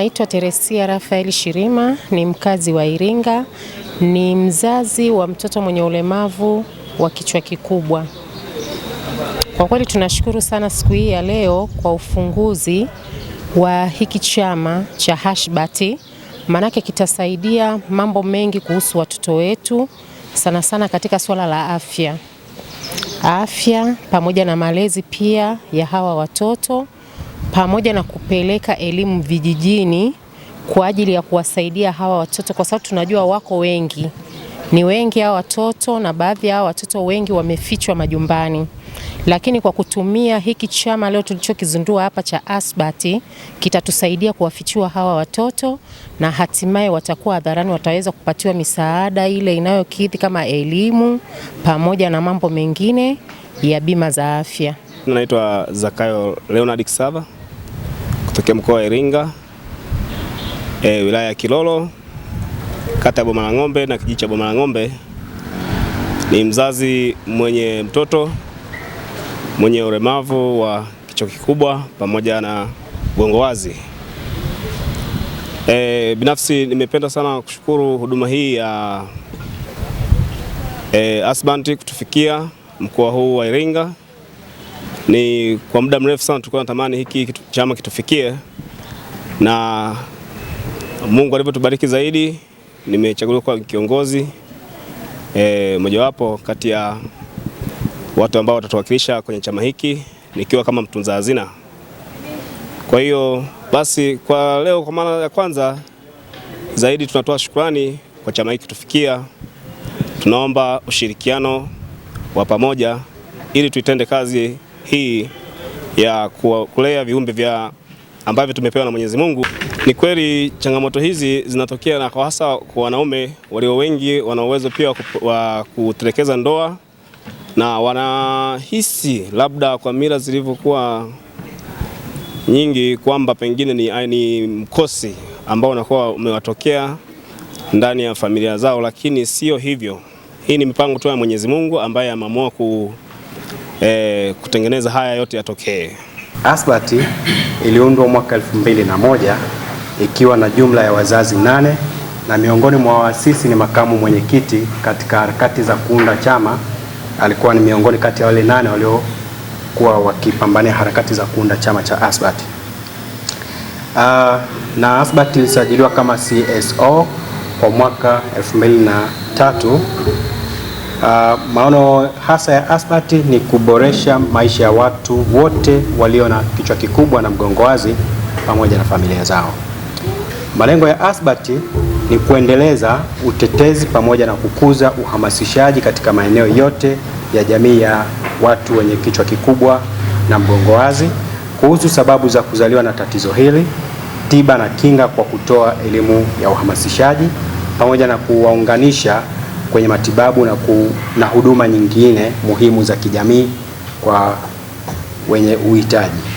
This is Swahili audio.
naitwa Teresia Rafael Shirima, ni mkazi wa Iringa, ni mzazi wa mtoto mwenye ulemavu wa kichwa kikubwa. Kwa kweli tunashukuru sana siku hii ya leo kwa ufunguzi wa hiki chama cha Hashbati, maanake kitasaidia mambo mengi kuhusu watoto wetu, sana sana katika swala la afya, afya pamoja na malezi pia ya hawa watoto pamoja na kupeleka elimu vijijini kwa ajili ya kuwasaidia hawa watoto, kwa sababu tunajua wako wengi, ni wengi hawa watoto, na baadhi ya hawa watoto wengi wamefichwa majumbani lakini kwa kutumia hiki chama leo tulichokizindua hapa cha Asbati kitatusaidia kuwafichua hawa watoto na hatimaye watakuwa hadharani, wataweza kupatiwa misaada ile inayokidhi kama elimu pamoja na mambo mengine ya bima za afya. Naitwa Zakayo Leonard Kisava kutokea mkoa wa Iringa, e, wilaya ya Kilolo, kata ya Ng'ombe na kijiji cha Ng'ombe. Ni mzazi mwenye mtoto mwenye ulemavu wa kichwa kikubwa pamoja na gongo wazi. E, binafsi nimependa sana kushukuru huduma hii ya e, Asbanti kutufikia mkoa huu wa Iringa. Ni kwa muda mrefu sana tulikuwa tunatamani hiki kitu, chama kitufikie na Mungu alivyotubariki zaidi nimechaguliwa kuwa kiongozi e, mojawapo kati ya watu ambao watatuwakilisha kwenye chama hiki nikiwa kama mtunza hazina. Kwa hiyo basi kwa leo kwa mara ya kwanza zaidi tunatoa shukrani kwa chama hiki kitufikia. Tunaomba ushirikiano wa pamoja ili tuitende kazi hii ya kulea viumbe vya ambavyo tumepewa na Mwenyezi Mungu. Ni kweli changamoto hizi zinatokea na kwa hasa kwa wanaume walio wengi wana uwezo pia wa kutelekeza ndoa na wanahisi labda kwa mila zilivyokuwa nyingi kwamba pengine ni, ni mkosi ambao unakuwa umewatokea ndani ya familia zao, lakini sio hivyo. Hii ni mipango tu ya Mwenyezi Mungu ambaye ameamua ku e, kutengeneza haya yote yatokee. ASBAT iliundwa mwaka moja ikiwa na jumla ya wazazi nane na miongoni mwa waasisi ni makamu mwenyekiti. Katika harakati za kuunda chama alikuwa ni miongoni kati ya wale nane waliokuwa wakipambania harakati za kuunda chama cha ASBAT. Uh, ah, na ASBAT ilisajiliwa kama CSO kwa mwaka 2003. Uh, maono hasa ya asbati ni kuboresha maisha ya watu wote walio na kichwa kikubwa na mgongo wazi pamoja na familia zao. Malengo ya asbati ni kuendeleza utetezi pamoja na kukuza uhamasishaji katika maeneo yote ya jamii ya watu wenye kichwa kikubwa na mgongo wazi kuhusu sababu za kuzaliwa na tatizo hili, tiba na kinga kwa kutoa elimu ya uhamasishaji pamoja na kuwaunganisha kwenye matibabu na, ku, na huduma nyingine muhimu za kijamii kwa wenye uhitaji.